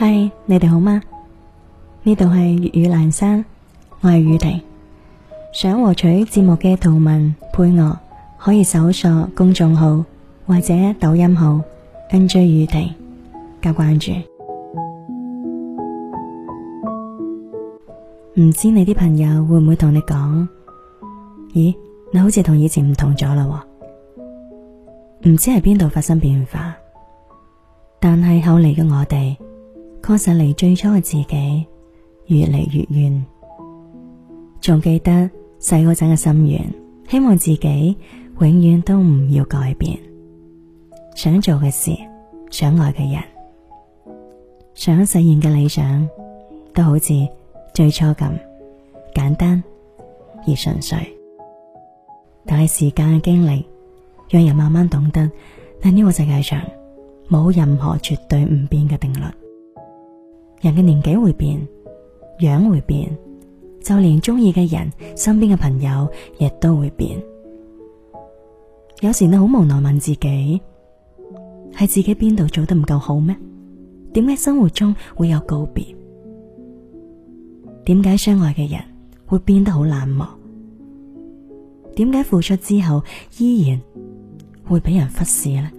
嗨，Hi, 你哋好嗎？呢度係粵語闌山，我係雨婷。想獲取節目嘅圖文配樂，可以搜索公眾號或者抖音號 ng 雨婷加關注。唔知你啲朋友會唔會同你講？咦，你好似同以前唔同咗啦，唔知喺邊度發生變化。但係後嚟嘅我哋。我實離最初嘅自己越嚟越遠，仲記得細嗰陣嘅心願，希望自己永遠都唔要改變，想做嘅事，想愛嘅人，想實現嘅理想，都好似最初咁簡單而純粹。但係時間嘅經歷，讓人慢慢懂得，但呢個世界上冇任何絕對唔變嘅定律。人嘅年紀會變，樣會變，就連中意嘅人、身邊嘅朋友亦都會變。有時你好無奈問自己，喺自己邊度做得唔夠好咩？點解生活中會有告別？點解相愛嘅人會變得好冷漠？點解付出之後依然會俾人忽視呢？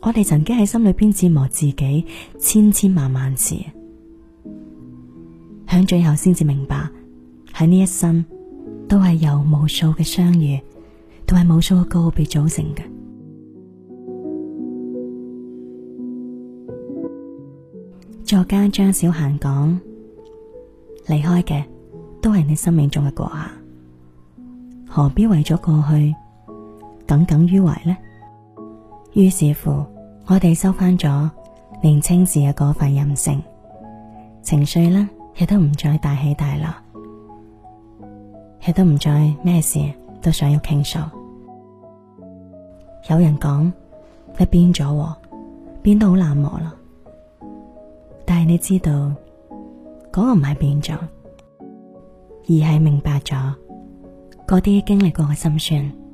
我哋曾經喺心裏邊折磨自己千千萬萬次，響最後先至明白，喺呢一生都係由無數嘅相遇同埋無數嘅告別組成嘅。作家張小嫻講：離開嘅都係你生命中嘅過客，何必為咗過去耿耿於懷呢？於是乎，我哋收翻咗年青時嘅嗰份任性，情緒呢，亦都唔再大起大落，亦都唔再咩事都想要傾訴。有人講你變咗，變到好冷漠啦。但係你知道，嗰個唔係變咗，而係明白咗嗰啲經歷過嘅心酸。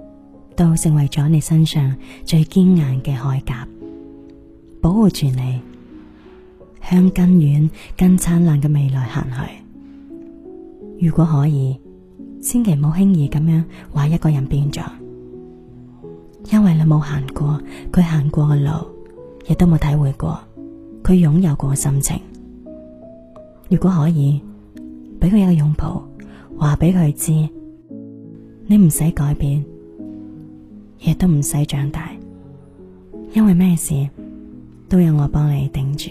都成為咗你身上最堅硬嘅鎧甲，保護住你向更遠、更燦爛嘅未來行去。如果可以，千祈冇輕易咁樣話一個人變咗，因為你冇行過佢行過嘅路，亦都冇體會過佢擁有過嘅心情。如果可以，俾佢一個擁抱，話俾佢知，你唔使改變。亦都唔使長大，因為咩事都有我幫你頂住。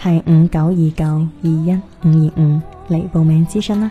係五九二九二一五二五嚟報名諮詢啦。